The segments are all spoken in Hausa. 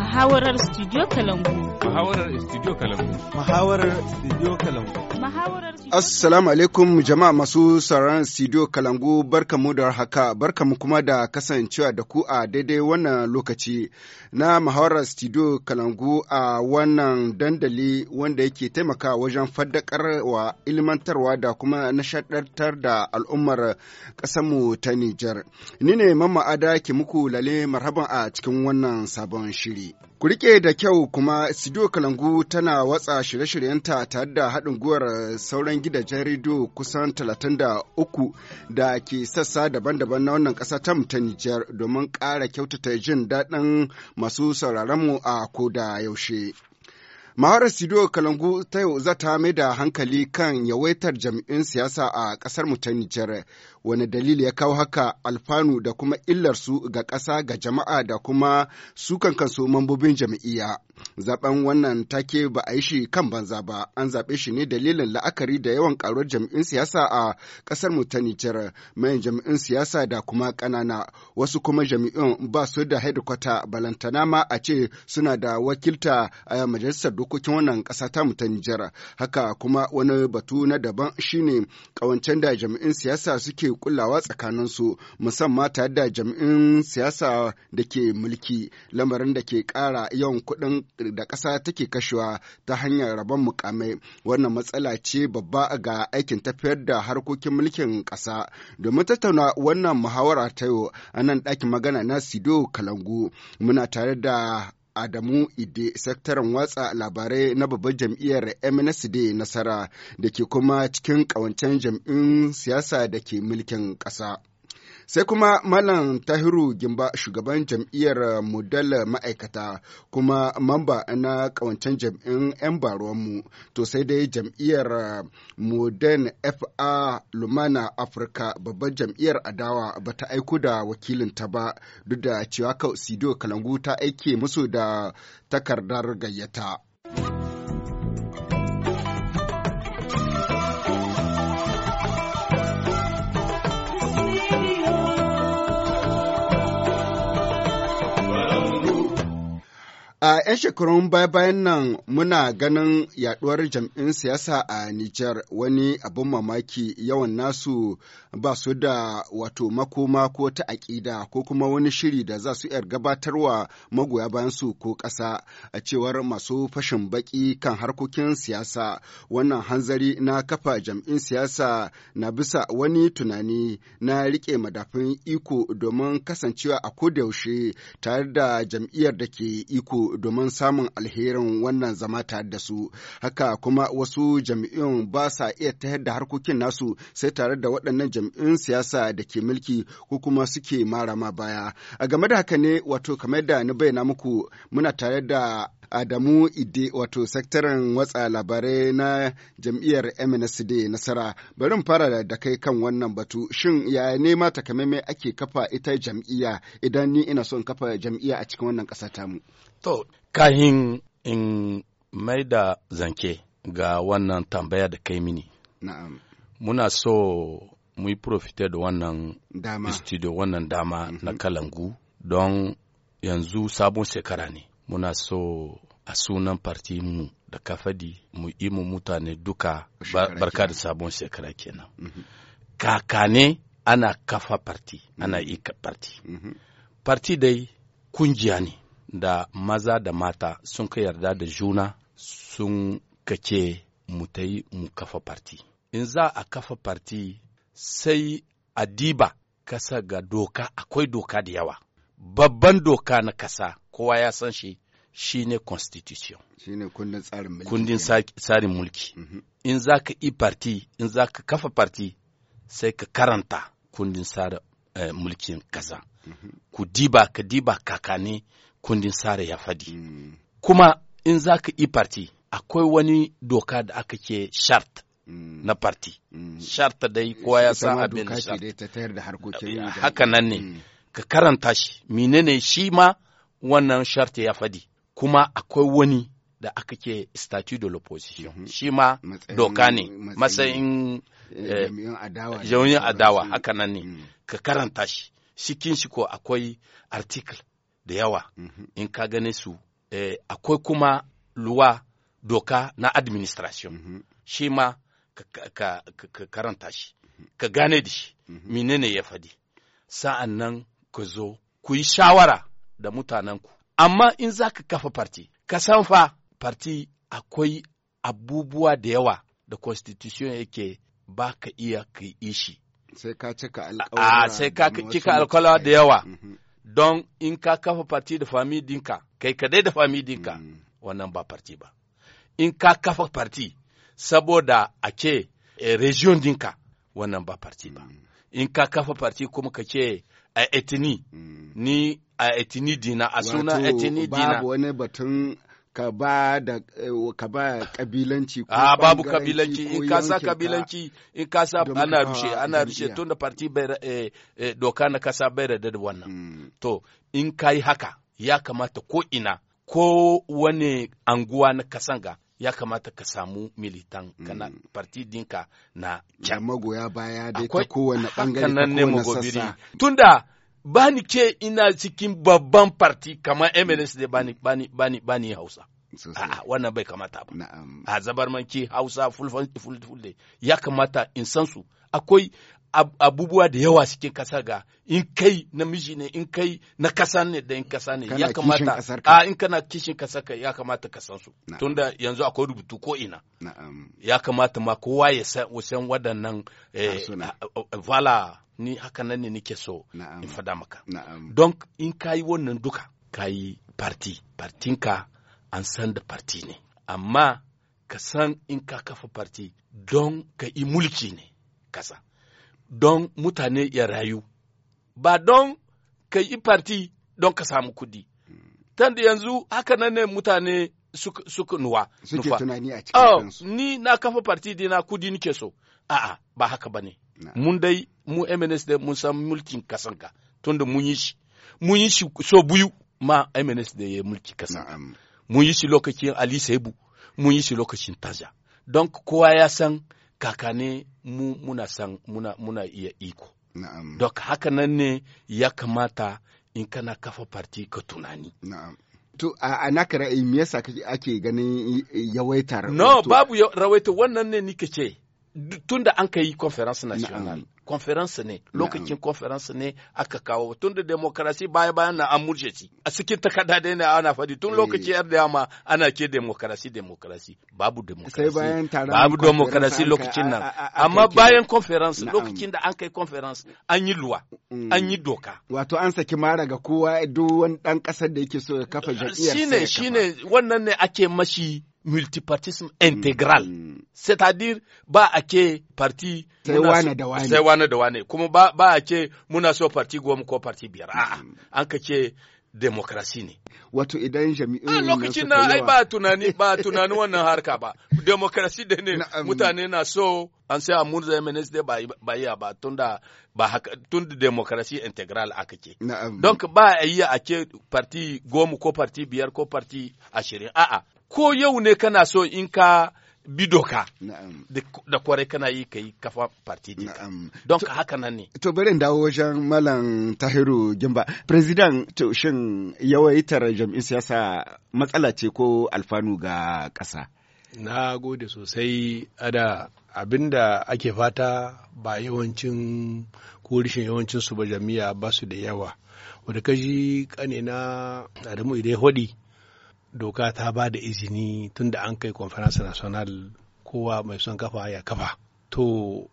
Muhawarar Studio Kalambu. Muhawarar Studio Kalambu. Muhawarar Studio Kalambu. Muhawarar Assalamu alaikum jama'a masu sauraron Studio Kalangu barkamu da haka barkamu kuma da kasancewa da ku a daidai wannan lokaci na Muhawarar Studio Kalangu a wannan dandali wanda yake taimaka wajen faddakar wa ilmantarwa da kuma nishadantar da al'ummar mu ta Nijar. Ni ne Mamma Ada ke muku lale marhaban a cikin wannan sabon shiri. Ku riƙe da kyau kuma Sidiyo Kalangu tana watsa shirye-shiryenta tare da haɗin guwar sauran gidajen rediyo kusan 33 da ke sassa daban-daban na wannan ƙasa ta ta Nijar domin ƙara kyautata jin daɗin masu sauraronmu a koda yaushe. Mahara Sidiyo Kalangu ta yau za mai da hankali kan yawaitar jam'in siyasa a ƙasar mu ta Nijar wani dalili ya kawo haka alfanu da kuma illarsu ga ƙasa ga jama'a da kuma su kansu mambobin jam'iyya. Zaben wannan take ba a yi shi kan banza ba, an zaɓe shi ne dalilin la'akari da yawan ƙaruwar jam'in siyasa a ƙasar mu ta Nijar, mayan jam'in siyasa da kuma ƙanana, wasu kuma jam'in ba su da hedikwata balantana ma a ce suna da wakilta a majalisar dokokin wannan ƙasa ta mu ta Nijar. Haka kuma wani batu na daban shine ƙawancen da jam'in siyasa suke ake kullawa tsakaninsu musamman tare da jami'in siyasa da ke mulki lamarin da ke ƙara yawan kuɗin da ƙasa take kashewa ta hanyar rabon mukamai wannan matsala ce babba ga aikin tafiyar da harkokin mulkin ƙasa domin tattauna wannan muhawara ta yau a nan ɗakin magana na sido kalangu muna tare da Adamu Ide sektaran watsa labarai na babbar jam'iyyar MNSD nasara da ke kuma cikin ƙawancen jam'in siyasa da ke mulkin ƙasa. Sai kuma Malam Tahiru Gimba shugaban jam'iyyar Mudal Ma'aikata kuma mamba na kawancen jam'in 'yan baruwanmu to sai dai jam'iyyar Modern FA Lumana Afirka babban jam'iyyar adawa ba ta aiko da wakilinta ba duk da cewa Sido Kalangu ta aike musu da takardar gayyata. A 'yan shekarun baya-bayan nan muna ganin yaduwar jam'in siyasa a Nijar wani abin mamaki yawan nasu ba su da wato makoma ko ta aƙida ko kuma wani shiri da za su iya gabatarwa magoya bayan su ko ƙasa a cewar masu fashin baƙi kan harkokin siyasa. Wannan hanzari na kafa jam'in siyasa na bisa wani tunani na riƙe madafin iko domin kasancewa a kodayaushe tare da jam'iyyar da ke iko domin samun alherin wannan zama tare da su. Haka kuma wasu jam'iyyun ba sa iya tayar da harkokin nasu sai tare da waɗannan jam'iyyun siyasa da ke mulki ko kuma suke marama baya. A game da haka ne wato kamar da ni bayyana muku muna tare da Adamu Ide wato sektaran watsa labarai na jam'iyyar MNSD nasara. Bari mu fara da kai kan wannan batu. Shin ya nema takamaimai ake kafa ita jam'iyya idan ni ina son kafa jam'iyya a cikin wannan ƙasa tamu? To, kahin in mai da zanke ga wannan tambaya da kai mini. Na'am. Muna so mu yi profite da wannan dama. studio wannan dama na mhm. kalangu don yanzu sabon shekara ne. muna so a sunan parti mu da kafadi mu yi mu mutane duka barka da sabon shekara kenan mm kakane ana kafa parti ana yi mhm. parti mhm. parti dai kungiya ne da maza da mata sun ka yarda da juna sun kace mu ta yi mu kafa parti in za a kafa parti sai a diba kasa ga doka akwai doka da yawa babban doka na kasa kowa ya san shi ne constitution shi ne kundin tsarin mulki kundin tsarin mulki mhm. in za ka yi parti in za ka kafa parti sai ka karanta kundin tsarin eh, mulkin kasa mhm. ku diba ka diba kakane kundin tsarin ya fadi mm. kuma in za ka yi parti akwai wani doka da aka ke shart mm. na parti mm. shart dai kowa ya san abin shart eh, haka nan ne ka karanta shi menene shi ma wannan sharti ya fadi kuma akwai wani da aka ke statut de l'opposition mhm. shi ma doka ne matsayin eh, eh, jami'in adawa haka nan ne mm. ka karanta shi cikin shi ko akwai article da yawa mhm. in ka gane su eh, akwai kuma luwa doka na administration mhm. shi ma ka karanta shi ka gane da shi menene ya fadi sa'an nan ku zo ku yi shawara da mutanenku amma in za ka kafa farti ka san fa farti akwai abubuwa da yawa da constitution yake ba ka iya ka yi shi sai ka cika alkawara sai ka cika alkawara da yawa mhm. don in ka kafa farti da fami dinka kai kadai da fami dinka mm. wannan ba farti ba in ka kafa farti saboda a ce eh, region dinka wannan ba farti ba mm. in ka kafa farti kuma ka ce a etini mm. ni a etini dina a suna etini dina babu wani batun ka ba da eh, ka ba kabilanci ko ah, babu kabilanci in ka sa kabilanci in ka sa ana rushe ana rushe tun da parti bai eh, eh, doka na kasa bai da wannan mm. to in kai haka ya kamata ko ina ko wani anguwa na kasanga ya kamata ka samu militan mm. kana parti dinka na can magoya baya dai ta kowane bangare ta kowane sassa tunda bani ke ina cikin babban parti kamar MLS da bani bani bani bani Hausa a'a wannan bai kamata ba a zabar manki Hausa fulfulde ya kamata in san su akwai abubuwa da yawa cikin kasa ga in kai namiji ne in kai na kasa ne da in kasa ne ya kamata a in kana kishin kasa ka ya kamata ka san su tunda yanzu akwai rubutu ko ina ya kamata ma kowa ya san wadannan eh, vala ni haka nan ne nake so in fada maka don in kayi wannan duka kayi parti partinka an san da parti ne amma ka san in ka kafa parti don ka yi mulki ne kasa don mutane ya rayu ba don ka yi farti don ka samu kudi tan da yanzu haka nan ne mutane suka nuwa suke tunani a cikin oh, ni na kafa farti dina kudi nike so a'a ba haka ba ne. mun dai mu MNS da mun san mulkin kasanka tunda mun yi shi mun yi shi so buyu ma MNS da ya mulki kasanka mun yi shi lokacin Ali Sebu. mun yi shi lokacin Taja don kowa ya san kakane mu muna san muna, muna iya iko dok haka nan ne ya kamata in kana kafa parti ka tunani to a naka ra'ayi me yasa ake ganin yawaitar no babu rawaito wannan ne nike ce tunda an ka yi conference national conference ne lokacin conference ne aka kawo tunda demokarasi baya bayan na an murje ci a cikin takarda dai ne ana fadi tun eh. lokaci yar da ma ana ke demokarasi demokarasi babu demokarasi babu demokarasi lokacin nan amma bayan conference lokacin da an kai conference an yi luwa mm. an yi doka wato an saki mara ga kowa duk wani dan kasar da yake so ya kafa jam'iyyar shine shine wannan ne ake mashi multipartisme hmm. intégral. Mm. C'est-à-dire ba a ke parti sai wane da wane. Kuma ba, ba a ke muna so parti goma ko parti biyar. A'a, hmm. an ka ce demokrasi ne. Wato idan jami'in A lokacin na ai ba tunani ba tunani wannan harka ba. Demokrasi da ne mutane na so an sai zai mene su dai ba yi ba tunda ba haka tunda demokrasi integral aka ke. Don ba a yi a ke parti goma ko parti biyar ko parti ashirin. A'a ko yau ne kana so in ka bi doka da kwarai kana yi ka yi kafa parti dinka don ka haka nan ne to bari dawo wajen malam tahiru gimba president to shin yawaitar jam'in siyasa matsala ce ko alfanu ga ƙasa na gode sosai ada abinda ake fata ba yawancin ko rishin yawancin su ba jami'a ba su da yawa wadda kaji kanina adamu idai hodi doka ta ba da izini tun da an kai conference national kowa mai son kafa ya kafa to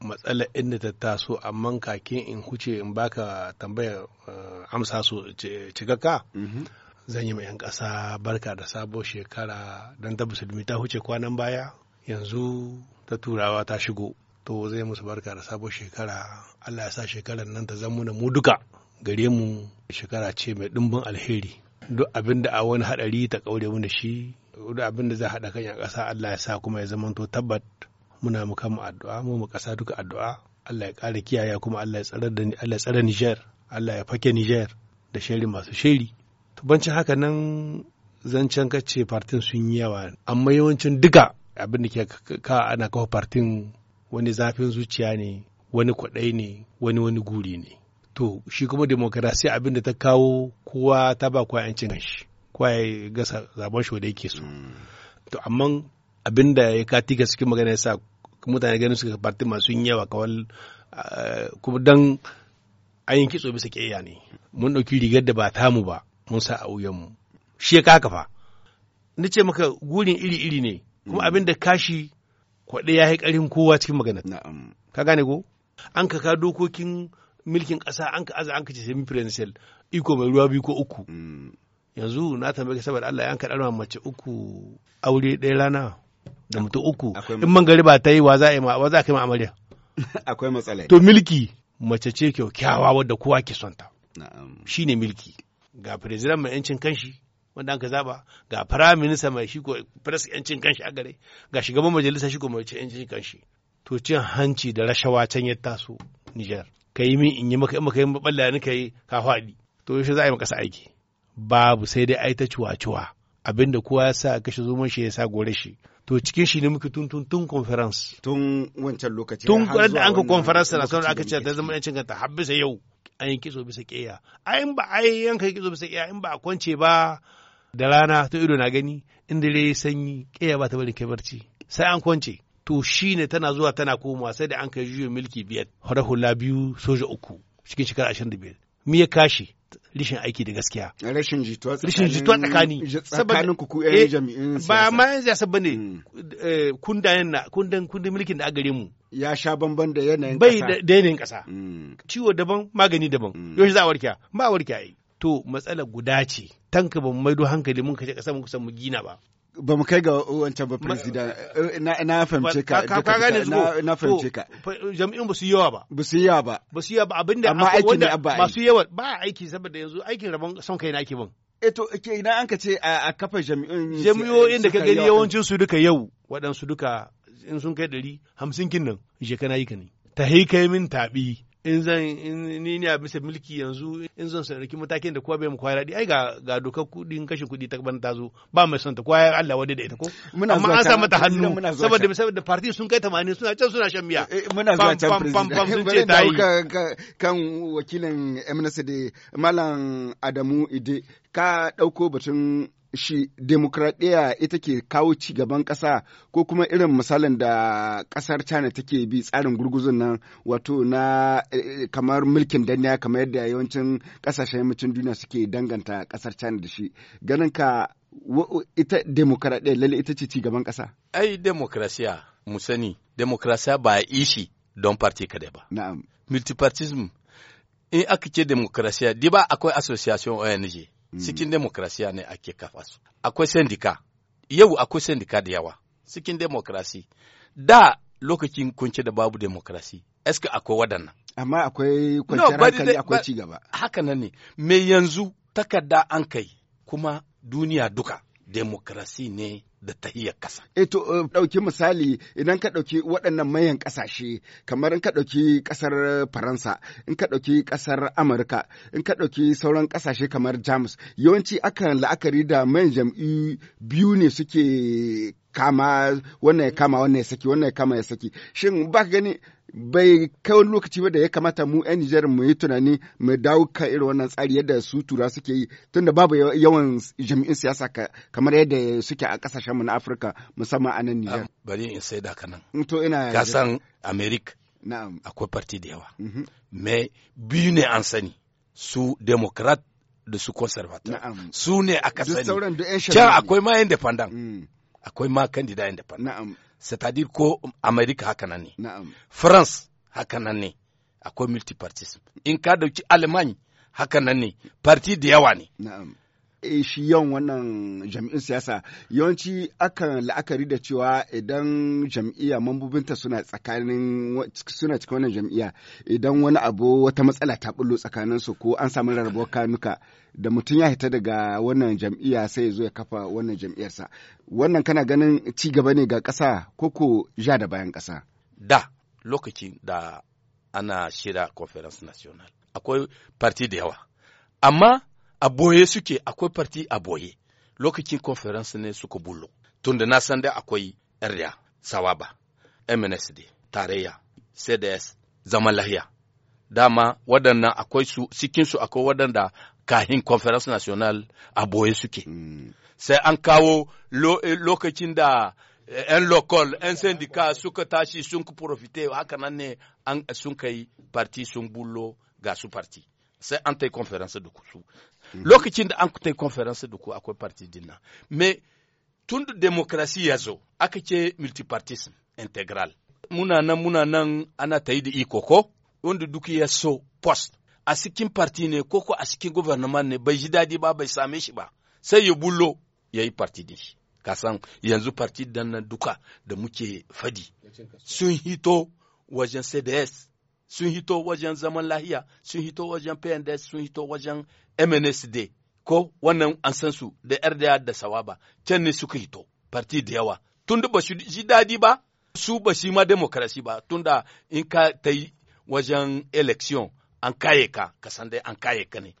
matsalar inda ta taso amma kakin in huce in baka tambayar eh, amsa su cikakka mhm. zan yi ma 'yan ƙasa barka da sabo shekara don ta musulmi ta huce kwanan baya yanzu ta turawa ta shigo to zai musu barka da sabo shekara allah ya sa shekarar nan ta zama mu duka gare mu shekara ce mai ɗimbin alheri duk abin da a wani haɗari ta kaure mu da shi duk abin da za haɗa kan yan ƙasa Allah ya sa kuma ya zamanto tabbat muna mu addu'a mu mu ƙasa duka addu'a Allah ya ƙara kiyaye kuma Allah ya tsare da Allah ya tsare Niger Allah ya fake Niger da shiri masu shiri banci haka nan zancen kace partin sun yi yawa amma yawancin duka abin da ke ka ana kawo partin wani zafin zuciya ne wani kwaɗai ne wani wani guri ne to shi kuma demokarasi abin ta kawo kowa ta ba kowa yancin shi kowa ya gasa zaben shi da yake so to amma abin da ya kati ga cikin magana yasa mutane ganin suka parti masu yin yawa kawal eh, kuma dan an kitso bisa kiyaya ne mun dauki rigar da ba mu ba mun sa a mu shi ya kaka fa ni ce maka gurin iri-iri ne kuma mm. abin kashi kwaɗe ya yi ƙarin kowa cikin magana ka gane ko an kaka dokokin milkin ƙasa an ka aza an ka ce semi presidential iko mai ruwa biyu ko uku mm. yanzu na tambaye ka saboda Allah ya ka ɗarma mace uku aure ɗaya rana da mutum uku in gari ba ta yi wa za a yi ma za a kai ma amarya akwai matsala to milki mace ce kyakkyawa wadda kowa ke son ta shine milki ga president mai yancin kanshi wanda an ka zaba ga prime minister mai shi ko press yancin kanshi a gare ga shugaban majalisa shi ko mai yancin kanshi to cin hanci da rashawa can ya taso Niger ka yi min in yi maka in maka yi balla ni yi ka faɗi to yaushe za a yi maka aiki babu sai dai ai ta cuwa-cuwa abinda kowa ya sa kashe zuman shi ya sa gore shi to cikin shi ne muke tun tun tun conference tun wancan lokaci tun kwanan da an ka conference na sanar aka ce ta zama yancin ta habbisa yau an yi kitso bisa kiya in ba ai yanka kitso bisa ƙeya in ba a kwance ba da rana to ido na gani inda dai sanyi ƙeya ba ta bari kai barci sai an kwance to shine tana zuwa tana komawa sai da an kai juyo milki biyar hore hula biyu soja uku cikin shekara ashirin da biyar mi ya kashi rishin aiki da gaskiya rashin jituwa tsakani tsakanin ku yan eh, jami'in ba ma yan siyasa ne hmm. eh, kundayen na kundan kundin milkin da agare mu ya sha bamban da yanayin kasa bai da yanayin kasa hmm. ciwo daban magani daban hmm. yau za a warke ba warke to matsala guda ce tanka ba mu maido hankali mun kashe kasa mun kusa mu gina ba ba mu kai ga wancan ba president eh, na fahimce ka ka gane zuwa na fahimce ka jami'in ba su yawa ba ba su yawa ba ba su yawa ba abinda amma aiki ne abba masu yawa ba aiki saboda yanzu aikin rabon son kai na ake ban. eto eh, ke ina an ka ce a kafa jami'in jami'o'in da ka gani yawancin su duka yau waɗansu duka in sun kai 150 hamsin kin nan je kana yi ka ne ta hei kai min taɓi in zan ni ne a bisa mulki yanzu in zan rikin matakin da kowa bai mu kwaya daɗi ai ga ga dokar kuɗin kashe kuɗi ta ban ta zo ba mai son ta kwaya Allah wadai da ita ko amma an sa mata eh, hannu saboda saboda party sun kai 80 suna can suna shan miya eh, eh, muna zuwa can pam sun ce ta yi kan wakilin MNSD Malam Adamu Ide ka ɗauko batun shi demokradiyya ita ke kawo ci gaban ƙasa ko kuma irin misalin da ƙasar china take bi tsarin gurguzun nan wato na eh, kamar mulkin danya kamar yadda yawancin ƙasashen yammacin duniya suke danganta ƙasar china da shi ganin ka ita demokradiyya lalle ita ce ci gaban ƙasa ai demokrasiya mu sani demokrasiya ba ishi don parti kada ba na'am multipartism in aka ce demokrasiya di ba akwai association ONG Mm. cikin demokrasiya ne ake kafa su akwai sendika yau akwai sendika da yawa cikin demokrasi da lokacin kunce da babu demokrasi eske akwai waɗannan amma akwai kwanciyar hankali akwai ci gaba haka nan ne me yanzu takarda an kai kuma duniya duka demokrasi ne da tahiyar ƙasa. E to eh, ɗauki misali idan ka ɗauki waɗannan mayan ƙasashe kamar in ka ɗauki ƙasar Faransa, in ka ɗauki ƙasar Amurka, in ka ɗauki sauran ƙasashe kamar Jamus, yawanci akan la'akari da mayan jam'i biyu ne suke kama wannan ya kama wannan ya saki wannan ya kama ya saki shin ba gani bai kai wani lokaci ba da ya kamata mu 'yan Nijar mu yi tunani mu dawo kan irin wannan tsari yadda su tura suke yi tunda babu yawan jami'in siyasa kamar yadda suke a kasashen mu na Afirka musamman a nan Nijar. Bari in sai da kanan. Mm, to ina. Ka san america Na'am. Akwai parti da yawa. Mm-hmm. Me biyu ne an sani su Democrat da su Conservative. Su ne aka sani. Can akwai ma independent. Mm. akwai ma candidate independent na'am c'est-à-dire ko america haka nan ne na'am france haka nan ne akwai multipartism in ka dauki allemagne haka nan ne parti da yawa ne na'am Eh, shi yawan wannan jami'in siyasa yawanci akan la'akari da cewa idan jami'a mambobinta suna tsakanin suna cikin wannan jami'a idan wani abu wata matsala ta bullo tsakanin su ko an samu rarrabuwar kanuka da mutum ya hita daga wannan jami'a sai ya zo ya kafa wannan jami'arsa wannan kana ganin ci gaba ne ga ƙasa ko ko ja da bayan ƙasa da lokaci da ana shira conference national akwai parti da yawa amma a boye suke akwai farti a boye lokacin conference ne suka bullo tunda na san da akwai area sawaba mnsd tarayya cds zaman lahiya dama waɗannan akwai su cikinsu akwai waɗanda kahin conference national a boye suke hmm. sai an kawo eh, lokacin da 'yan eh, local 'yan sindika suka tashi sun profite haka nan ne sun kai parti sun bullo ga su parti sai an ta yi conference da ku su mhm. lokacin da an ta yi conference da ku akwai parti dinna me tun da demokrasi ya zo aka ce multipartism integral muna nan muna nan ana ta yi da iko ko wanda duk ya so post a cikin parti ne ko ko a cikin government ne bai ji dadi ba bai same shi ba sai ya bullo ya yi parti din shi san yanzu parti dan duka da muke fadi sun hito wajen cds sun hito wajen zaman lahiya sun hito wajen pnds sun hito wajen mnsd ko wannan an san su da rda da sawaba can ne suka hito parti da yawa tun ba su ji daɗi ba su ba shi ma demokarasi ba tunda in ka ta yi wajen election an kaye ka ka san dai an kaye ka ne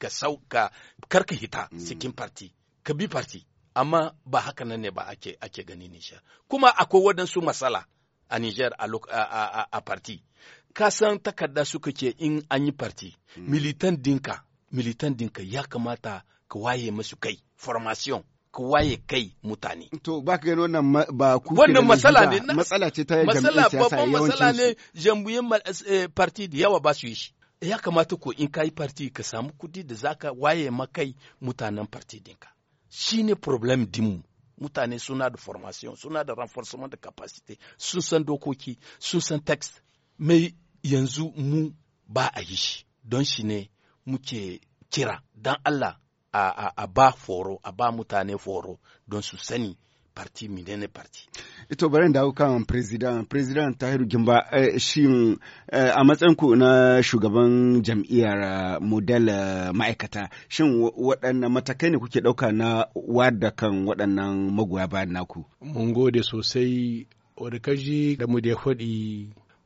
ka sau ka karka hita mm. cikin parti ka bi parti amma ba haka nan ne ba ake ake gani nijar kuma akwai waɗansu matsala a Niger a a, a, a, a parti ka san takarda suka ce in an yi farti hmm. militan dinka militan dinka ya kamata ka waye masu kai formation ka waye kai mutane to ba ka gani wannan ba ku wannan matsala ne matsala ce ta jam'iyyar siyasa matsala ne jam'iyyar eh, eh, parti da yawa ba su yi shi ya kamata ko in ka yi parti ka samu kudi da ka waye makai mutanen parti dinka ne problem dinmu mutane suna da formation suna da renforcement da capacity sun san dokoki sun san text mai yanzu mu ba a yi shi don shi ne muke kira don Allah a, ba foro a ba mutane foro don su sani parti menene parti ito bari da kan president president tahiru gimba eh, shi eh, a matsayin ku na shugaban jam'iyyar eh, model ma'aikata shin waɗannan matakai ne kuke ɗauka na wada kan waɗannan magoya bayan naku mun gode sosai wadda kaji da mu da ya faɗi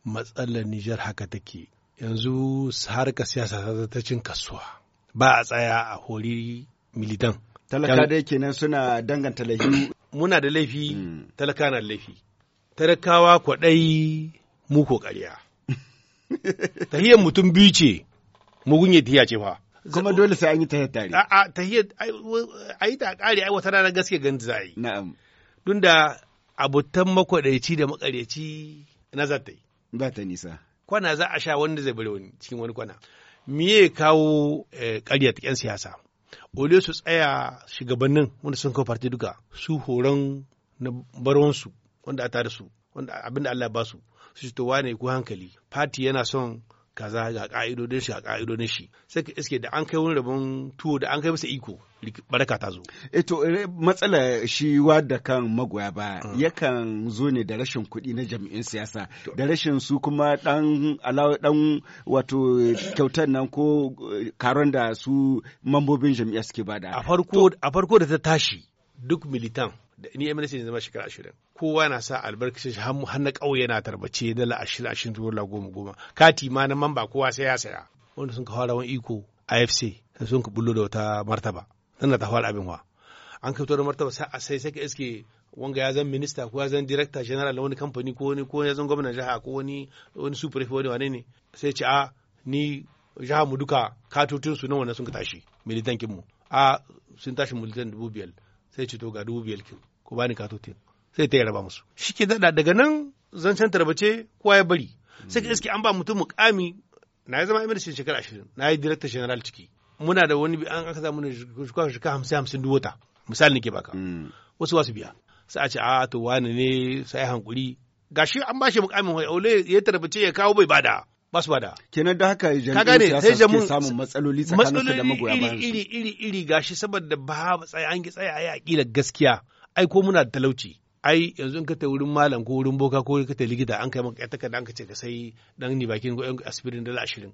matsalar Nijar haka take yanzu harka siyasa ta cin kasuwa ba a tsaya a hori militan. Talaka dai kenan suna danganta laifi. Muna da laifi, hmm. talaka na laifi. Talakawa kwaɗai mu ko ƙarya. Tahiyar mutum biyu ce, mugun ya tahiya ce fa. Kuma dole sai an yi tahiyar tare. A'a, tahiyar, a yi ta ƙari, ai wata rana gaske gan za a yi. Na'am. Tunda abotan makwaɗaici da makaryaci na zata yi. ba ta nisa kwana za a sha wanda zai bari wani cikin wani kwana miye kawo eh, ƙarya ta 'yan siyasa ole su tsaya shugabannin wanda sun kawo farti duka su horon na barwansu wanda a tare su wanda abin Allah ba su su to wane ku hankali fati yana son kaza ga ka'idodin shi ga ka'idodin shi sai ka iske da an kai wani rabon tuwo da an kai masa iko baraka ta zo eto eh eh, matsala shi da kan magoya ba ah. yakan zo ne da rashin kuɗi na jami'in siyasa da rashin su kuma dan alawa dan wato kyautar nan ko eh, karon da su mambobin jami'a suke bada a farko a farko da ta tashi duk militan ni MNC ne zama shekara ashirin kowa na sa albarkacin shi har na ƙauye yana tarbace dala ashirin ashirin zuwa la goma goma kati ma na mamba kowa sai ya saya wanda sun ka fara wani iko AFC sun ka bullo da wata martaba tana ta fara abin wa an ka fito da martaba sai a sai saka iske wanga ya zan minista ko ya zan director general na wani kamfani ko wani ko ya zan gwamnan jiha ko wani wani super wani wane ne sai ce a ah, ni jiha mu duka katutun su nawa na sun ka tashi militankin mu a ah, sun tashi militan dubu biyar sai ce to ga dubu biyar kin ku bani katotin sai ta raba musu shi ke daɗa daga nan zancen ce kowa ya bari sai ka iske an ba mutum mukami na yi zama emir shi shekara ashirin na yi director general ciki muna da wani an aka samu ne shekara hamsin hamsin duk wata misali ke baka mm. wasu wasu biya sai a ce a ah, to wani ne sai hankuri gashi an ba shi mukamin wai aule ya tarbace ya kawo bai bada ba bada kenan da haka a siyasa suke samun matsaloli tsakanin da magoya bayan iri iri iri gashi saboda ba tsaya an ki tsaya ai akila gaskiya ai ko muna da talauci ai yanzu in ka ta wurin malam ko wurin boka ko ka ta likita an kai maka ƴar takarda an ka ce ka sai dan ni bakin ko aspirin dala ashirin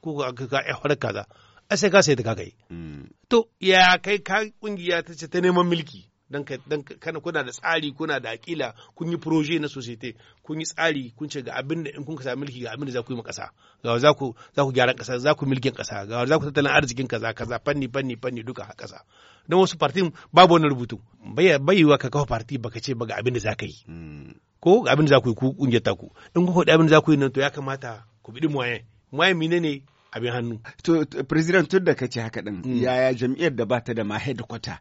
ko ka ka ƴar farar kaza ai sai ka sai ta ka kai mm. to ya kai ka kungiya ta ce ta neman milki dan kana kuna da tsari kuna da akila kun yi proje na societe kun yi tsari kun ce ga abin da in kun kasa mulki ga abin da za ku yi ma kasa ga za ku za ku gyara kasa za ku milkin kasa ga za ku tattalin arzikin kaza kaza fanni fanni fanni duka a kasa don wasu partin babu wani rubutu bayyawa ka kawo parti baka ce ba ga abin da za ka yi hmm. ko ga abin da za ku yi ku kungiyar taku in kuka faɗi abin da za ku yi nan to ya kamata ku bi moyen moyen ne abin hannu. To, President tun da kace haka ɗin, mm. yaya jam'iyyar da bata da ma headquarter,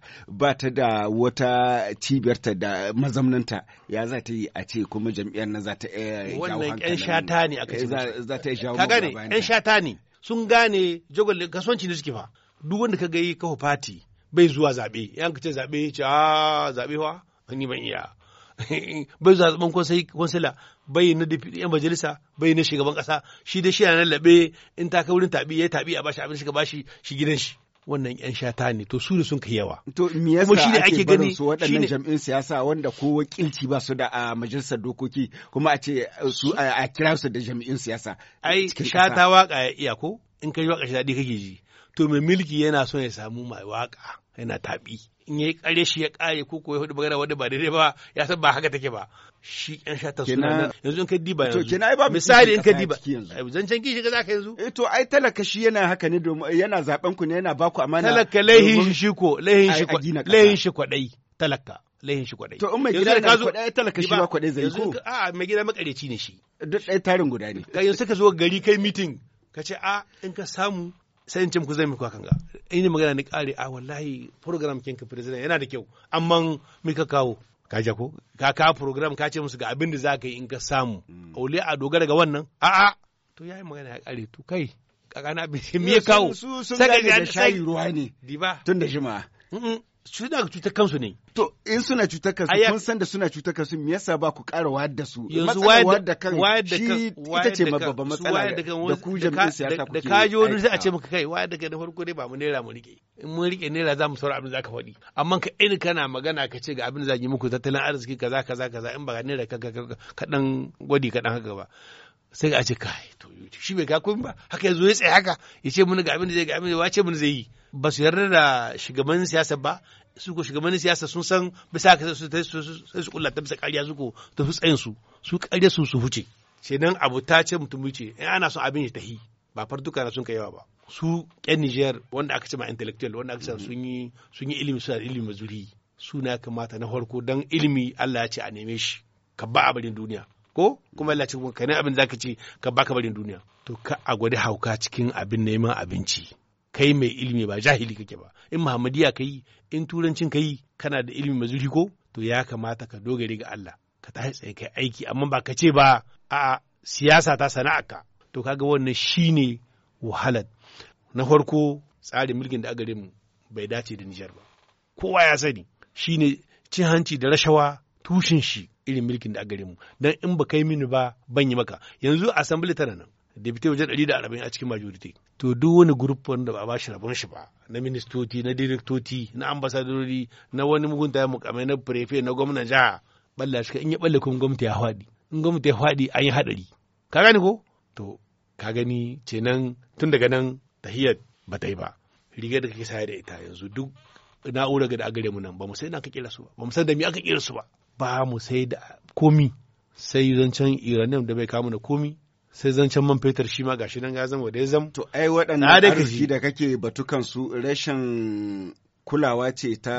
ta da wata cibiyarta da mazamnanta, ya za ta yi a ce kuma jam'iyyar na za ta iya eh, jawo hankalin. Wannan 'yan shata ne aka ce. Eh, za ta iya jawo Ka gane, 'yan shata ne. Sun gane jagon kasuwanci ne suke fa. Duk wanda ka ga yi kawo fati bai zuwa zaɓe, yan ka ce zaɓe ya ce a ah, zaɓe wa? ni ban iya. bai zuwa zaben kwansila bai na yan majalisa bai na shugaban ƙasa, shi dai shi na labe in ta kai wurin tabi ya tabi a bashi abin shiga bashi shi gidan shi wannan yan shata ne to su ne sun kai yawa to me yasa kuma ake gani su waɗannan jam'in siyasa wanda ko wakilci ba su da a majalisar dokoki kuma a ce uh, su a kira su da jam'in siyasa ai shata waka ya iya ko in kai waka shi daɗi kake ji to mai milki yana so ya samu mai waka yana tabi in yayi kare shi ya kare ko ko ya hudu magana wanda ba daidai ba ya san ba haka take ba shi yan shata suna yanzu in ka diba yanzu to ai ba misali in ka diba zancen kishi ka zaka yanzu eh to ai talaka shi yana haka ne domin yana zaben ku ne yana baku amana talaka laihin shi ko laihin shi ko laihin shi dai talaka laihin shi kwadai. To in mai gida ka zo talaka shi ba kwadai zai ko. A mai gida makareci ne shi. Duk ɗaya tarin guda ne. Ka yanzu ka zo gari kai mitin ka ce a in ka samu sai in ce muku zai muku hakan ga in magana ni kare a ah, wallahi program kin ka president yana da kyau amma me ka kawo ka ja ko ka ka program ka ce musu ga abin da za ka yi in ka samu mm. ole a dogara ga wannan a'a to yayi magana ya kare to kai kakana abin me ya kawo sai ka shayi ruwa ne diba tun da shi ma suna cutar kansu ne. To in suna cutar kansu kun san da suna cutar kansu me yasa ba ku ƙara wayar da su? Yanzu wayar da kan shi ita ce babban matsala da ku jami'in siyasa kuke. Da ka ji wani sai a ce maka kai wayar da kan na farko dai ba mu naira mu rike. In mun rike naira za mu saurara abin da zaka faɗi. Amma ka in kana magana ka ce ga abin da zan yi muku tattalin arziki kaza kaza kaza in ba naira ka ka dan gwadi ka dan haka ba. Sai a ce kai to shi bai ka kun ba haka yanzu ya tsaya haka ya ce mun ga abin da zai ga abin da ya ce mun zai yi. ba su yarda da shugabannin siyasa ba su ko shugabannin siyasa sun san bisa ka sai su kulla ta bisa ƙarya su ko ta su tsayin su su ƙarya su su huce kenan abu ta ce mutum wuce in ana son abin ya tahi ba far na sun kai yawa ba su ƴan Niger wanda aka ce ma intellectual wanda aka ce mm. sun yi sun yi ilimi suna da ilimi mazuri suna kamata na farko dan ilimi Allah ya ce a neme shi ka ba a barin duniya ko kuma Allah ce kai abin zaka ce ka ba ka barin duniya to ka a gwada hauka cikin abin neman abinci kai mai ilimi ba jahili kake ba in muhammadiya ka yi in turancin ka yi kana da ilimi mazuri ko to ya kamata ka dogare ga Allah ka tashi tsaye kai aiki amma ba ka ce ba a siyasa ta sana'a ka? to kaga wannan shine wahalar na farko tsarin mulkin da aka mu bai dace da Nijar ba kowa ya sani shine cin hanci da rashawa tushin shi irin mulkin da aka mu dan in ba kai mini ba ban yi maka yanzu assembly tana nan deputy wajen ɗari da arba'in a cikin majority to duk wani group wanda ba shi bashi rabon shi ba na ministoci na direktoci na ambasadori na wani mugunta ya mukamai na prefe na gwamnan jiha balla shi in ya balle kuma gwamnati ya faɗi in gwamnati ya faɗi an yi haɗari ka gani ko to ka gani ce nan, tun daga nan tahiyar ba ta yi ba rigar da kake sayar da ita yanzu duk na'ura na'urar da agare mu nan ba mu sai na aka kira su ba ba mu san da me aka kira su ba ba mu sai da komi sai zancen iranium da bai kamu da komi sai zancen man fetur shi ma gashi nan ya zama da ya zama. To ai waɗannan arziki da kake batukan su rashin kulawa ce ta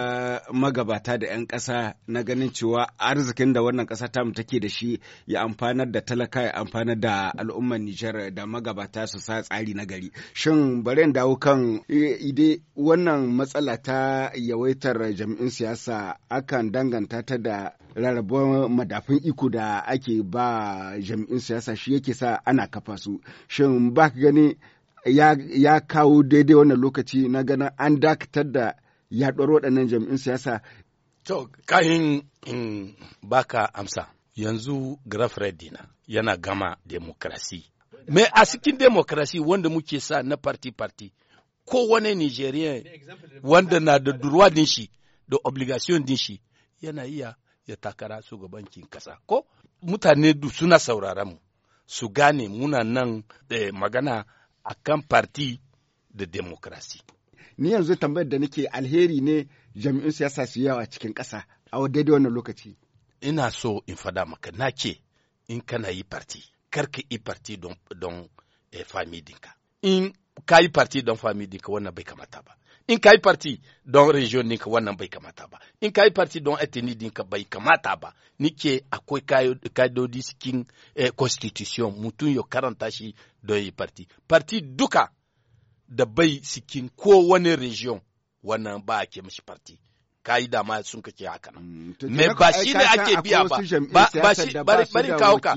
magabata da 'yan ƙasa na ganin cewa arzikin da wannan ƙasa ta mu take da shi ya amfanar da talaka ya amfanar da al'ummar Nijar da magabata su sa tsari na gari. Shin bari dawo kan eh, ide wannan matsala ta yawaitar jam'in siyasa akan danganta ta da rarrabuwar madafin iko da ake ba jami'in siyasa shi yake sa ana kafa su shin ba ka gani ya, kawo daidai wannan lokaci na ganin an dakatar da yaɗuwar waɗannan jami'in siyasa to kayan in ka amsa yanzu graf redina yana gama demokrasi mai a cikin demokrasi wanda muke sa na party ko wani nigerian wanda na da durwa din shi da obligation din shi yana iya ya takara shugabancin kasa ko mutane du suna sauraron mu su gane muna nan eh, magana kan parti da demokrasi ni yanzu tambayar da nake alheri ne jami'in siyasa su yawa cikin kasa. a daidai wannan lokaci ina so in fada maka na ce in kana yi parti kar ka yi parti don eh, dinka in ka yi parti don famidinka dinka wannan bai kamata ba in ka yi parti don region ninka wannan bai kamata ba in ka parti don etini dinka bai kamata ba nike akwai ka'idodi cikin eh, constitution mutum ya karanta shi don yi parti parti duka da bai cikin wani region wannan ba a ke mishi parti ka'ida ma sun kake haka nan. Mm, Me ba shi ne ake biya ba. Ba shi bari kawo ka.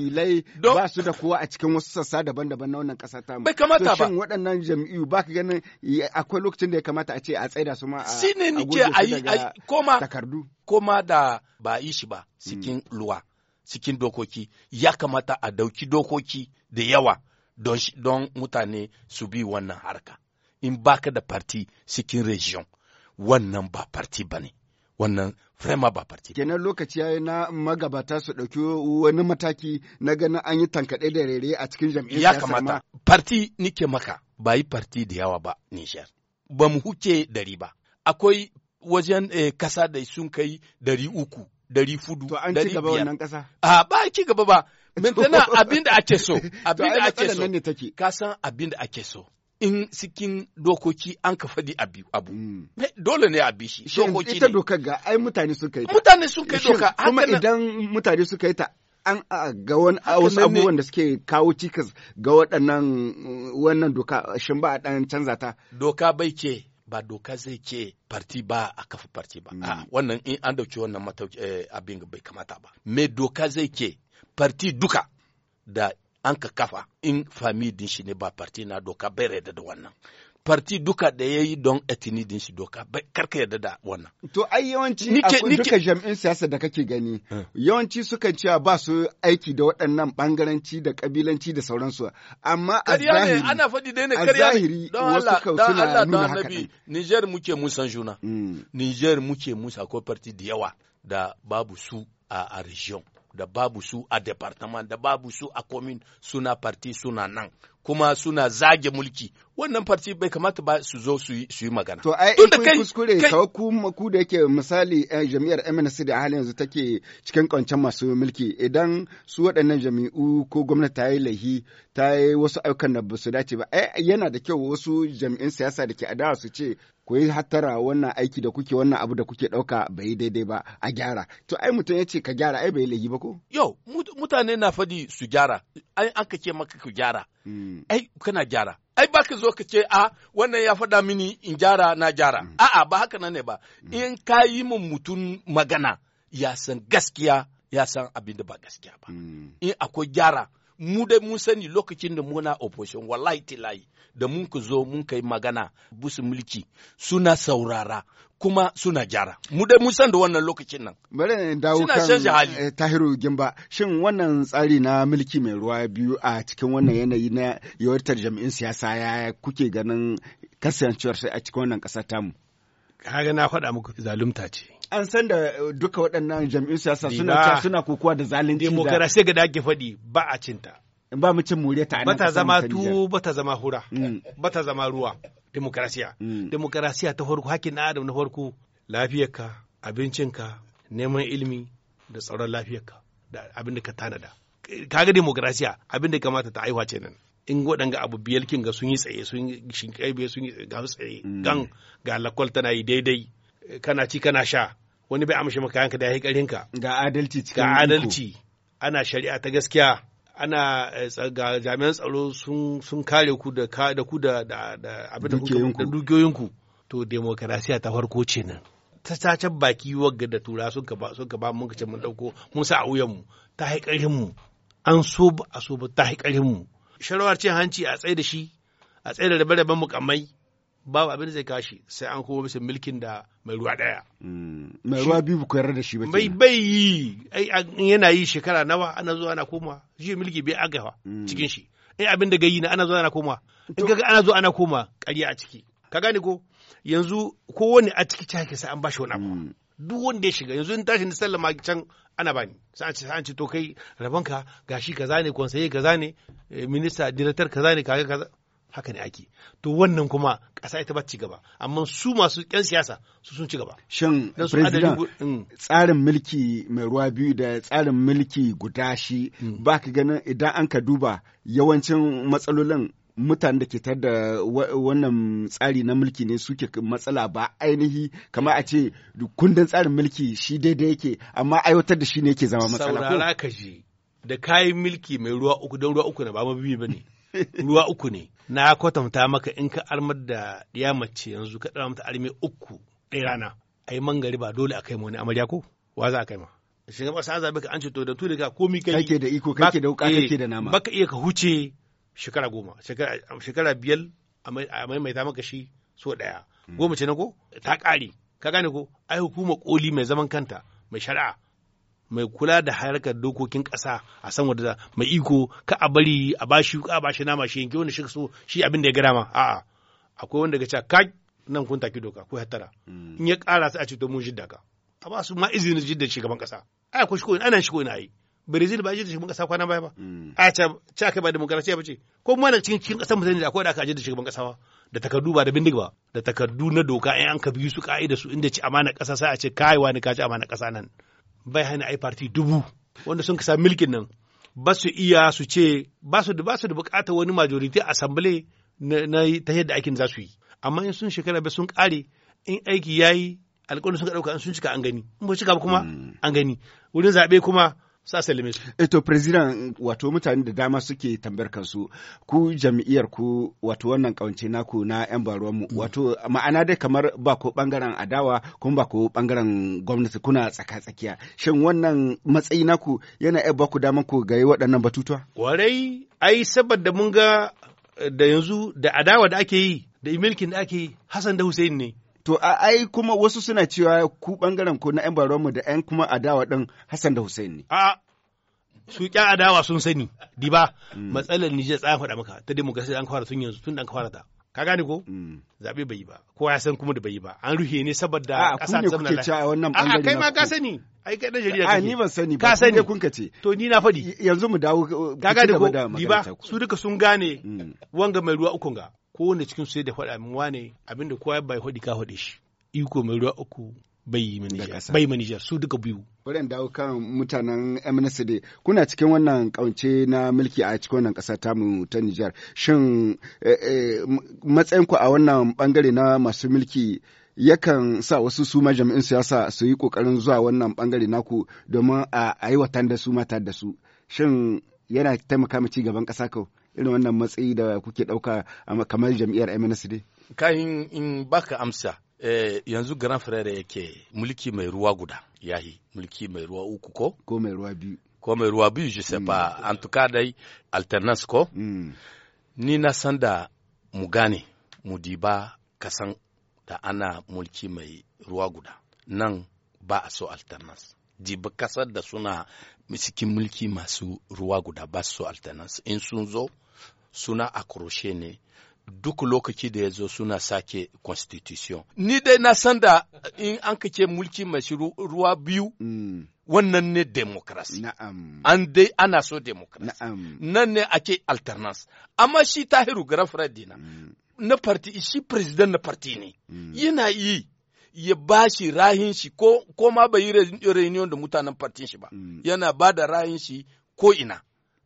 Ba su da kowa a cikin wasu sassa daban-daban na wannan ƙasa ta mu. Bai kamata ba. Shin waɗannan jam'iyyu ba ka ganin eh, akwai lokacin da ya kamata a ce a tsaida su ma a Shi ne nike a koma takardu. Koma da ba yi shi ba mm. cikin luwa cikin dokoki ya kamata a dauki dokoki da yawa don mutane su bi wannan harka. In baka da parti cikin region. wannan ba farti ba ne wannan frema ba farti. kenan lokaci yayi na magabata su ɗauki wani mataki na ganin an yi tankaɗe da rere a cikin jam'iyyar ya kamata farti nike maka ba yi farti da yawa ba nishar ba mu huce dari ba akwai wajen kasa eh, da sun kai dari uku dari fudu to an ci gaba wannan kasa a ba ci gaba ba mintana abin da ake so abin da ake so ka san abin da ake so in cikin dokoki an ka faɗi abu. Mm. Dole ne a bi shi. Dokoki ita dokar ga ai mutane sun kai ta. Mutane sun kai doka. Kuma idan mutane sun yi ta an ga wani wasu abubuwan da suke kawo cikas ga waɗannan wannan doka shin ba a ɗan canza ta. Doka bai ke ba doka zai ke parti ba a kafa parti ba. Ah, wannan in an dauki wannan matauki eh, abin bai kamata ba. Me doka zai ke parti duka da an ka kafa in fami din shi ne ba parti na doka bai yarda da wannan parti duka da ya yi don etini din shi doka karka yarda da wannan. To ai yawanci duka jam'in siyasa da kake gani eh. yawanci sukan cewa ba su aiki da waɗannan bangaranci da kabilanci da sauransu amma a zahiri ana faɗi dai ne kariya don Allah don Allah nuna haka Niger muke musan juna mm. Niger muke musa ko parti da yawa da babu su a, a region da babu su a departement da babu su a commune suna parti suna nan kuma suna zage mulki wannan parti bai kamata ba su zo su yi magana to ai in kai kuskure kawo ku ku da yake misali eh, jami'ar MNC da halin yanzu take cikin kwancen masu mulki idan su waɗannan jami'u ko gwamnati ta yi lahi ta yi wasu ayyukan da ba su dace ba ai yana da kyau wasu jami'in siyasa da ke adawa su ce ku yi hattara wannan aiki da kuke wannan abu da kuke dauka bai daidai ba a gyara to ai mutum ya ka gyara ai bai lagi ba ko yo mutane na fadi su gyara ai an ka ce maka ku gyara hmm. ai kana gyara ai ba ka zo ka ce a ah, wannan ya faɗa mini in gyara na gyara hmm. a'a ba haka nan ne ba hmm. in ka yi min mutum magana ya san gaskiya ya san abin da ba gaskiya ba in akwai gyara mu dai mun sani lokacin da muna opposition wallahi tilayi da mun ku zo mun kai magana busu mulki suna saurara kuma suna jara mu dai mun san da wannan lokacin nan bare dawo kan eh, tahiru gimba shin wannan tsari na mulki mai ruwa biyu a cikin wannan yanayi na yawartar jami'in siyasa ya kuke ganin kasancewar sai a cikin wannan ƙasa tamu kaga na faɗa muku zalunta ce an san da eh, duka waɗannan jam'in siyasa suna suna kokowa da zalunci demokarasi ga dake ake faɗi ba a cinta ba mu cin mure ta bata zama tu bata zama hura mm. bata zama ruwa demokarasiya mm. demokarasiya ta farko hakkin na adam na farko lafiyarka abincinka neman ilimi da tsaron lafiyarka da abin da ka tanada kaga demokarasiya abin da kamata ta aiwa ce nan in waɗanga abu biyar kin ga sun yi tsaye sun shinkai biyar sun yi ga su tsaye mm. gan ga lakwal tana yi daidai kana ci kana sha wani bai amshi maka yanka da ya yi ka ga adalci cikin ga adalci ana shari'a ta gaskiya ana eh, ga jami'an tsaro sun kare ku da da ku da da dukiyoyinku to demokarasiya ta farko ce nan ta sace baki wagga da tura sun ka ba sun ka ba mun ce mun dauko mun sa a wuyan mu ta yi karin mu an so ba a so ta yi karin mu sharawar cin hanci a tsaye da shi a tsaye da rabe-raben mukamai. babu abin da zai kashi sai an koma bisa mulkin da mai ruwa daya mm. mai ruwa biyu ku yarda da shi ba bai bai yi yana yi shekara nawa ana zuwa ana koma shi milki bai agawa mm. cikin shi in abin da gayi na ana zuwa ana koma in kaga ana zuwa ana koma ƙarya a ciki ka gane ko yanzu kowane a ciki ta sai an bashi wani abu mm. duk wanda ya shiga yanzu in tashi na sallama can ana bani sai an ce to kai rabanka gashi kaza ne konsaye kaza ne eh, minista diretar kaza ne kaga kaza haka ne ake to wannan kuma ƙasa ita ba ci gaba amma su masu ƴan siyasa su sun ci gaba shin mm. tsarin mulki mai ruwa biyu da tsarin mulki guda shi mm. ba ka ganin idan an ka duba yawancin matsalolin mutanen da ke tar da wannan tsari na mulki ne suke matsala ba ainihi kamar a ce kundin tsarin mulki shi daidai yake amma aiwatar da shi ne yake zama matsala saurara ka je da kayan mulki mai ruwa uku don ruwa uku na ba mabibi ba ne ruwa uku ne na kwatanta maka in ka armar da ya mace yanzu ka ɗara mata arme uku ɗaya rana a yi mangari ba dole a kai ma wani amarya ko wa za a kai ma Shin ba sa zaɓe ka an ce to da tu daga komi kai kake da iko kake da wuka kake da nama baka iya ka huce shekara goma shekara biyar a ta maka shi so ɗaya hmm. goma ce na ko ta ƙare ka gane ko ai hukuma koli mai zaman kanta mai shari'a mai kula da harkar dokokin ƙasa a san wadda mai iko ka a bari a bashi ka a bashi nama shi yanke wanda shi so shi abin da ya gara ma a'a akwai wanda ga cewa nan kun taki doka ko hattara hmm. in ya ƙara sai a ce to mun jidda ka a ba su ma izinin jidda shugaban ƙasa a ko shi ko ina shi ko ina yi Brazil ba jidda shugaban ƙasa kwana baya ba hmm. a ce ce kai ba demokrasiya ba ce ko mu da cikin cikin ƙasar mutane da akwai da aka jidda shugaban ƙasa ba da takardu ba da bindiga ba da takardu na doka in an ka biyu su ka'ida su inda ci amana ƙasa sai a ce kai wani ka ci amana ƙasa nan bai hana ai parti dubu wanda sun kasa milkin nan ba su iya su ce ba su da ba su bukata wani majority assembly na ta yadda aikin za su yi amma in sun shekara ba sun kare in aiki yayi alƙawarin sun ka dauka sun cika an gani in ba cika ba kuma mm. an gani wurin zaɓe kuma sa salime su. Eto eh, president wato mutane da dama suke tambayar kansu ku jam'iyyar ku wato wannan kawance naku na yan baruwan mu mm. wato ma'ana dai kamar ba ko bangaren adawa kuma ba ko bangaren gwamnati kuna tsaka tsakiya shin wannan matsayi naku yana iya ba ku dama ku ga waɗannan batutuwa. Kwarai ai saboda mun ga eh, da yanzu da adawa da ake yi da imilkin da ake yi Hassan da Hussein ne. To a ai kuma wasu suna cewa ku bangaren ko na 'yan baronmu da 'yan kuma adawa ɗin Hassan da Hussein ne. A su ƙyan adawa sun sani, di ba, mm. matsalar Nijar tsayan faɗa maka, ta demokrasi an fara sun yanzu tun an fara ta. Ka gane ko? Mm. Zaɓe bai yi ba, ko ya san kuma da bai yi ba, an ruhe ne saboda ƙasa ta zamna lafiya. A kai ma ka sani, ai kai ɗan jarida kake. A ni ban sani ba, ka sani kun ka ce. To ni na faɗi. Yanzu mu dawo. Ka gane ko? Di ba, su duka sun gane mm. wanga mai ruwa ukun ga. kowane cikin su da faɗa min wane abinda kowa bai faɗi ka faɗi shi iko mai ruwa uku bai yi manijar su duka biyu Wurin dawo kan mutanen MNSD kuna cikin wannan kaunce na mulki a cikin wannan ƙasa mu ta Nijar shin eh, eh, matsayinku a wannan bangare na masu mulki yakan sa wasu su jami'in siyasa su yi kokarin zuwa wannan bangare naku domin a watan da su matar da su shin yana taimaka mu ci gaban ƙasa kawai? irin wannan matsayi da kuke ɗauka kamar jam'iyyar MNSD? Kayan in baka amsa eh, yanzu Grand Frere yake mulki mai ruwa guda yahi mulki mai ruwa uku ko? Ko mai ruwa biyu. Ko mai ruwa biyu je sais ba, hmm. pas en dai alternance ko? Hmm. Ni na san da mu gane mu diba kasan da ana mulki mai ruwa guda nan ba a so alternance. diba kasar da suna cikin mulki masu ruwa guda ba su alternance in sun zo suna a akroshe ne duk lokaci da ya zo suna sake constitution. Ni dai na san da in an kace mulki mai ruwa biyu mm. wannan ne demokrasi. Na'am. An dai ana so demokrasi. Nan ne ake alternance. Amma shi Tahiru Garafra dina mm. na parti shi president na parti ne. Mm. Yana yi ya ba shi rahin shi ko ma bai yi reunion da mutanen partin shi ba. Yana ba da rahin shi ko ina.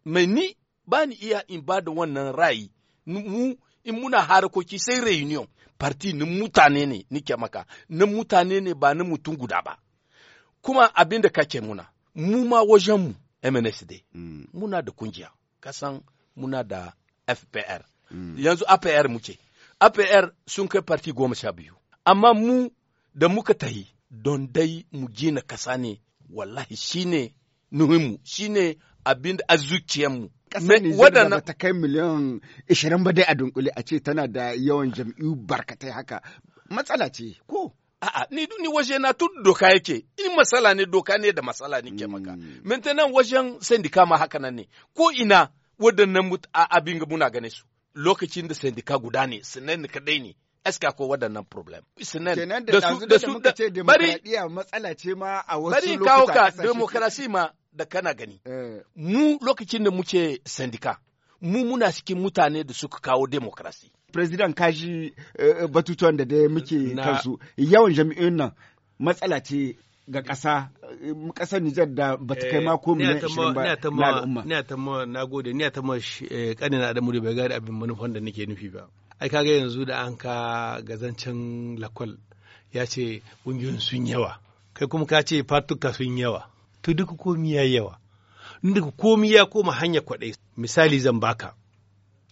Mai ni ba ni iya in ba da wannan ra'ayi mu in muna harakoki sai reunion parti na mutane ne nike maka na mutane ne ba na mutum guda ba kuma abin da kake muna mu ma wajen mu MNSD mm. muna da kungiya kasan muna da FPR mm. yanzu APR muke APR sun kai parti goma sha biyu amma mu da muka tahi don dai mu gina kasa ne wallahi shine nuhinmu shine abin da mu ƙasar Nijar da kai miliyan 20 ba dai a dunkule a ce tana da yawan jam'iyyu barkatai haka matsala ce ko A'a, ni ni waje na tun doka yake, in masala ne doka ne da masala ne ke mm. maka. Mintanan wajen syndicat ma haka nan ne, ko ina wadannan abin ga muna gane su, lokacin da syndicat guda ne, ka dai ne. eske akwai waɗannan problem kenan da su da su da ce demokradiya matsala ce ma a wasu lokuta bari kawo ka demokrasi ma da kana gani eh. mu lokacin da muke sandika mu muna cikin mutane da suka kawo demokrasi president kashi eh, batutuwan da dai muke kansu yawan jami'in nan matsala ce ga ƙasa eh, ƙasar Nijar da ba ta kai mako mai shirin ba na al'umma. Ni ta na gode, ni ta ma Kanina Adamu muri bai gari abin manufan da nake nufi ba. ai kaga yanzu da an ka gazancen lakwal ya ce ƙungiyoyin sun yawa kai kuma ka ce fatuka sun yawa to duka komi ya yawa duka komi ya koma hanya kwaɗai misali zan baka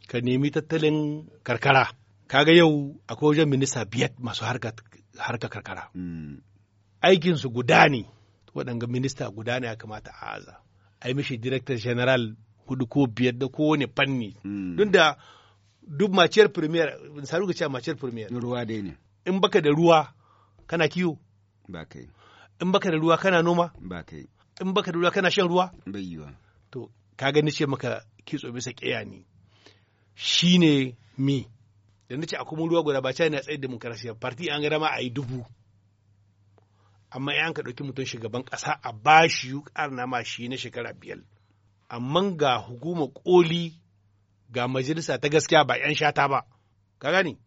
ka nemi tattalin karkara kaga yau akwai wajen minista biyar masu harka karkara hmm. aikinsu guda ne waɗanga minista guda ne ya kamata a aza A ai mishi director general hudu ko biyar da kowane fanni. Hmm. Don da duk maciyar premier misali ka cewa maciyar premier ruwa dai ne in baka da ruwa kana kiwo ba kai in baka da ruwa kana noma ba kai in baka da ruwa kana shan ruwa bai yiwa to ka gani ce maka kitso bisa kiya ne shine mi da nace a kuma ruwa guda ba cewa na tsaye demokarasiya parti an ga ma a yi dubu amma yan ka ɗauki mutum shugaban ƙasa a bashi yukar na ma shi na shekara biyar amma ga hukumar koli ga majalisa ta gaskiya ba 'yan shata ba ka gani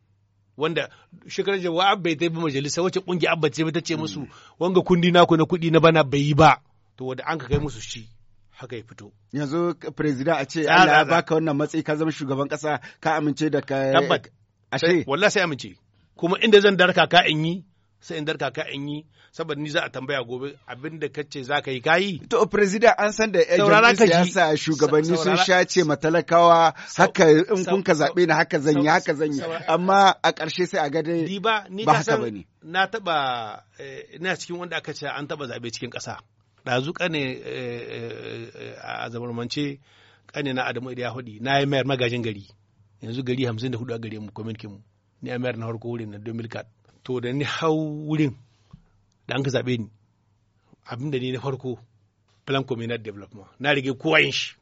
wanda shekarar jawa abba ta yi majalisa wacce kungi abba ce ta ce musu hmm. wanga kundi ku na kuɗi na bana bai yi ba to wanda an ka kai musu shi haka ya fito yanzu president a ce Allah ya baka wannan matsayi ka zama shugaban kasa ka amince da ka tabbat ashe wallahi sai amince kuma inda zan darka ka in yi sai in darka ka in yi saboda ni za a tambaya gobe abin da ka ce za ka yi kayi. To president an san da yan siyasa shugabanni sun sha ce matalakawa haka in kun ka zaɓe ni haka zan yi haka zan yi. amma a ƙarshe sai a ga dai ba haka ba ne. Na taɓa eh, ina cikin wanda aka ce an taɓa zaɓe cikin ƙasa. Ɗazu ƙane eh, eh, a zamanmance ƙane na Adamu Idiya Hudi na yi mayar magajin gari yanzu gari hamsin da hudu a gare mu kwamitin mu ni a mayar na harko wurin na 2004. to da ni hau wurin da an ka zaɓe ni abinda ni na farko plan communal development na rige kowa yin shi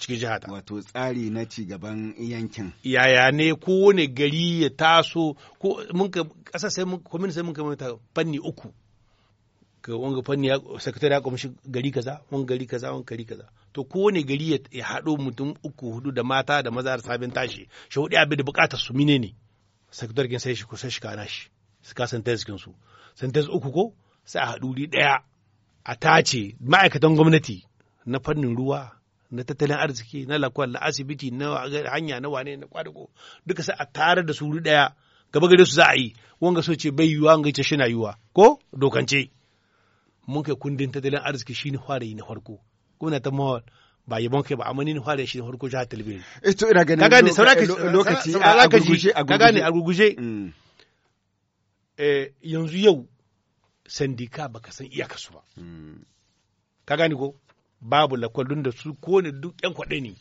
cikin jihar ta. Wato tsari na ci gaban yankin. Yaya ne kowane gari ya taso ko mun ka ƙasa sai mun kwamin sai mun ka fanni uku. Ka wanga fanni ya sakatare ya kwamshi gari kaza wanga gari kaza wanga gari kaza. To kowane gari ya haɗo mutum uku hudu da mata da maza da sabin tashi. Shi hudu abin da buƙatar su mine ne. sakdar gin sai shi kusa shi kana shi su ka sentence gin su sentence uku ko sai a haɗu wuri ɗaya a tace ma'aikatan gwamnati na fannin ruwa na tattalin arziki na lakwal na asibiti na hanya na wane na kwadugo duka sai a tare da su wuri ɗaya gaba gare su za a yi wanga so ce bai yiwuwa wanga ce shina yiwuwa ko dokance mun kai kundin tattalin arziki shine fara yi na farko gwamnatin mawal ba yabon kai ba amma ni fara shi farko jihar talabiri eh, to ina ganin kaga ne sauraka lokaci a gurguje kaga ne a guguje mm. eh yanzu yau sandika baka san iyaka su ba mm. kaga ne ko babu lakwalun da su ko ne duk yan kwade ne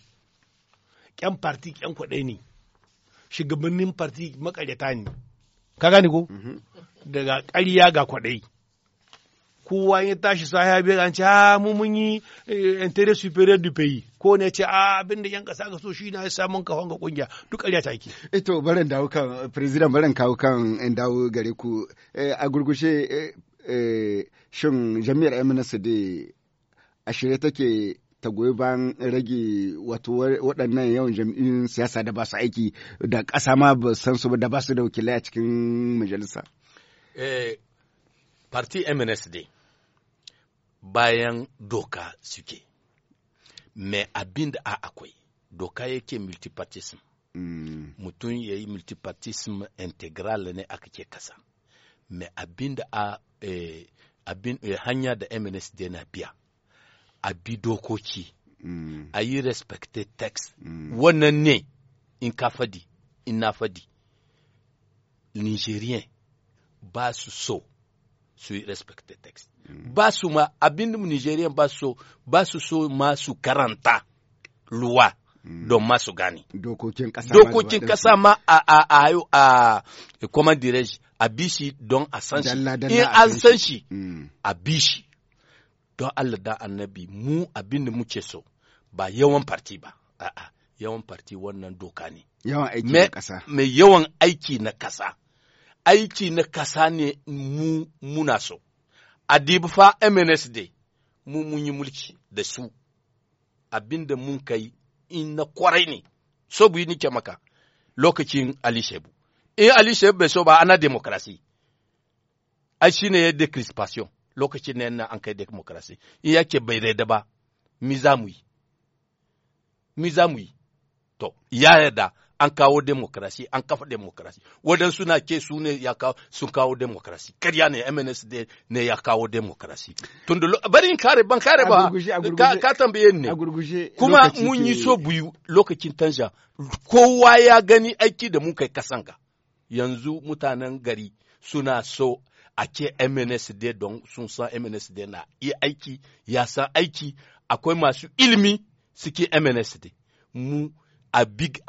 yan parti yan kwade ne shugabannin parti makaryata ne kaga ne ko mm-hmm. daga ƙarya ga kwaɗayi kowa ya tashi sahiya biyar an ce ha ah, mu mun yi eh, interest superior du pays ko ne ce a ah, abin da yan kasa ga so shi na samun kafan ga kungiya duk ƙarya ta yake eh, to barin dawo kan president barin kawo kan in dawo gare ku eh, a gurgushe shin jami'ar MNSD a ashirin take ta goyi bayan rage wato waɗannan yawan jami'in siyasa da ba su aiki da ƙasa ma ba san su ba da ba su da wakilai a cikin majalisa. Eh, parti MNSD bayan doka suke mai abin da a akwai doka yake multipartism mm. mutum ya yi multipartism integral ne aka ke kasa Me abin da a eh, abin eh, hanya da MNSD na biya a bi dokoki mm. a yi respected text mm. wannan ne in ka fadi in na fadi nigerian ba su so su yi respecte text mm. ba su ma abin Nigeria ba su ba su so ma su karanta luwa mm. don masu gane. Dokokin ma. Dokokin kasa ma a a a a, a, a common a bishi don a san shi. In an san shi mm. a bishi. Don Allah da annabi mu abin da muke so ba yawan parti ba. A'a yawan parti wannan doka ne. Yawan aiki na kasa. Mai yawan aiki na kasa. aiki na kasa ne mu muna so. A fa MNSD mu mun yi mulki da su abinda mun kai in na kwarai ne, so bu yi nike maka lokacin Ali Shebu. In Ali Shebu bai so ba ana demokrasi, ai shi ne yadda crispation lokacin na yana an kai demokrasi, in yake bai da ba, mi za mu yi, mi za mu yi, to, ya yarda an kawo demokrasi an kafa demokrasi wadan suna ke su ne ya kawo sun kawo demokrasi karya ne MNSD ne ya kawo demokrasi tun bari in kare ban kare ba ka tambaye ne kuma mun yi so biyu lokacin tanja kowa ya gani aiki da mun kai kasanga yanzu mutanen gari suna so a ce MNSD don sun san MNSD na yi aiki ya san aiki akwai masu ilimi suke MNSD mu a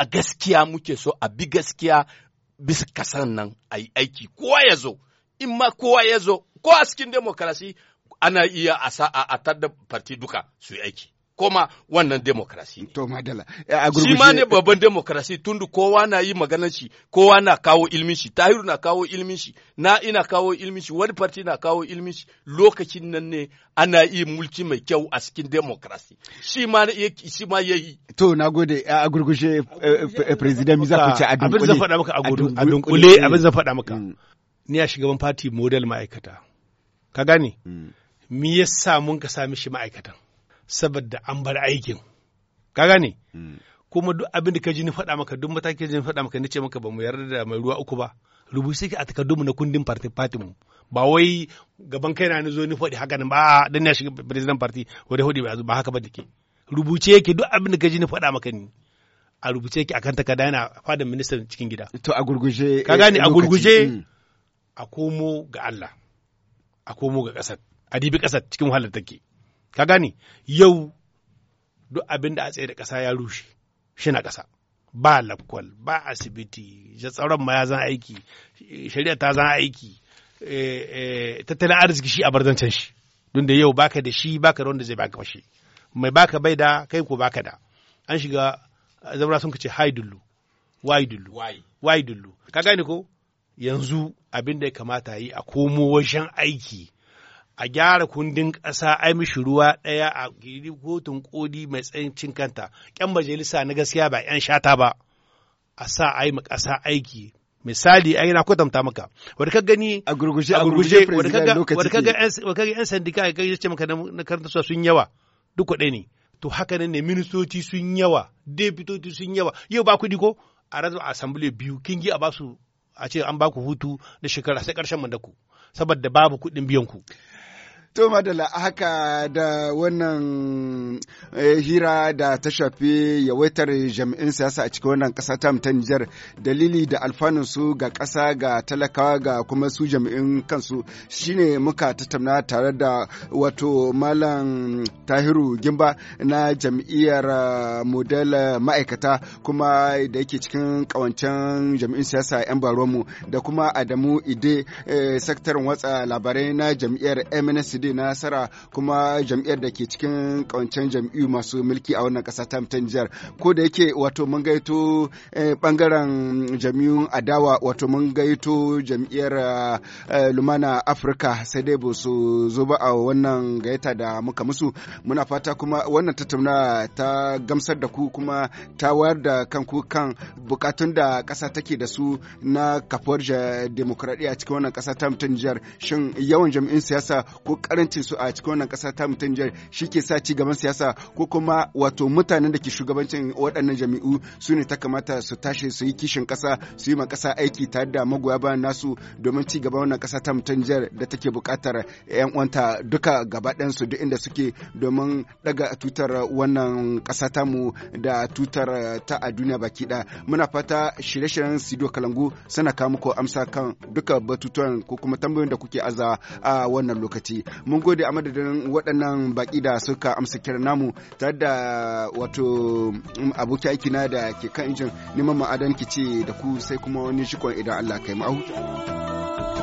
gaskiya muke so a bi gaskiya bisa kasar nan a yi aiki kowa ya zo in ma kowa ya zo ko a cikin demokarasi ana iya a a da farti duka su yi aiki koma wannan demokrasi. To madala. Shi ma ne babban demokrasi tundu kowa na yi maganar shi, kowa na kawo ilmin shi, Tahiru na kawo ilmin shi, na ina kawo ilmin shi, wani farti na kawo ilmin shi, lokacin nan ne ana yi mulki mai kyau a cikin demokrasi. Shi ma shi ma yayi. To na gode a gurgushe eh, eh, eh, president mi za ku ce a dunkule. Mm. Abin zan faɗa maka a dunkule abin zan faɗa maka. Ni a shugaban party model ma'aikata. Ka gane? Mm. Me yasa mun ka sami shi ma'aikatan? saboda an bar aikin ka gane hmm. kuma duk abin da ka ji ni faɗa maka duk matakin ji ni faɗa maka ni ce maka ba mu yarda da mai ruwa uku ba rubuce ki a takardunmu na kundin party party mu ba wai gaban kai na ni zo ni faɗi haka nan ba dan ya shiga president party wanda hudi ba ba haka ba dake rubuce yake duk abin da ka ji ni faɗa maka ni a rubuce yake akan takarda yana fadan minister cikin gida to a gurguje ka gane a eh, gurguje hmm. a komo ga Allah a komo ga kasar a dibi kasar cikin wahalar take ka gane yau duk abin da a tsaye da ƙasa ya rushe shi na ƙasa ba lakwal ba asibiti tsaron ma ya zan aiki shari'a ta zan aiki eh, eh, tattalin arziki shi a barzancin shi don da yau baka da shi baka da wanda zai baka mashi mai baka bai da kai ko baka da an shiga zaura sun kace hai dullu wai dullu wai dullu ka gane ko yanzu abin da ya kamata yi a komo wajen aiki a gyara kundin ƙasa a mishi ruwa ɗaya a giri kotun ƙodi mai tsayin kanta ƙyan majalisa na gaskiya ba ƴan shata ba a sa a yi ma ƙasa aiki misali ai na kwatanta maka wadda ka gani a gurguje a gurguje wanda ka ga ƴan sandika ga ya maka na karanta sun yawa duk kuɗe ne to haka ne ministoci sun yawa deputoci sun yawa yau ba kuɗi ko a razan assembly biyu kin a basu a ce an baku hutu na shekara sai ƙarshen mandaku saboda babu kuɗin biyan ku To da la'aka da wannan eh, hira da ta shafi yawaitar jami'in siyasa a cikin wannan kasa ta ta Nijar dalili da alfanun su ga kasa ga talakawa ga kuma su jami'in kansu shine muka tattauna tare da wato Malam Tahiru Gimba na jam'iyyar eh, model ma'aikata kuma da yake cikin ƙawancen jami'in siyasa 'yan mu, da kuma Adamu Ide eh, sakataren watsa labarai na jam'iyyar MNCD. na nasara kuma jam'iyyar da ke cikin kawancen jam'iyyu masu mulki a wannan kasa ta mutan jihar ko da yake wato mun gaito bangaren eh, jam'iyyun adawa wato mun gaito jam'iyyar eh, lumana afirka sai dai ba su zo ba a wannan gaita da muka musu muna fata kuma wannan tattauna ta gamsar da ku kuma ta wayar da kanku kan bukatun da kasa take da su na kafuwar demokradiyya cikin wannan kasa ta mutan jihar shin yawan jam'in siyasa ko karancin su a cikin wannan kasa ta mutan jihar shi ke sa ci gaban siyasa ko kuma wato mutanen da ke shugabancin waɗannan jami'u su ne ta kamata su tashi su yi kishin ƙasa su yi ma ƙasa aiki tare da magoya bayan nasu domin ci gaban wannan ƙasa ta mutan jihar da take buƙatar 'yan uwanta duka gaba su duk inda suke domin daga tutar wannan ƙasa tamu da tutar ta a duniya baki ɗaya muna fata shirye-shiryen sido kalangu suna kawo muku amsa kan duka batutuwan ko kuma tambayoyin da kuke azawa a wannan lokaci mun gode a madadin waɗannan baƙi da suka amsa kiran namu tare da wato mm, aboki aiki na da ke kan injin neman ma'adan ki ce da ku sai kuma wani shikon idan Allah kai mu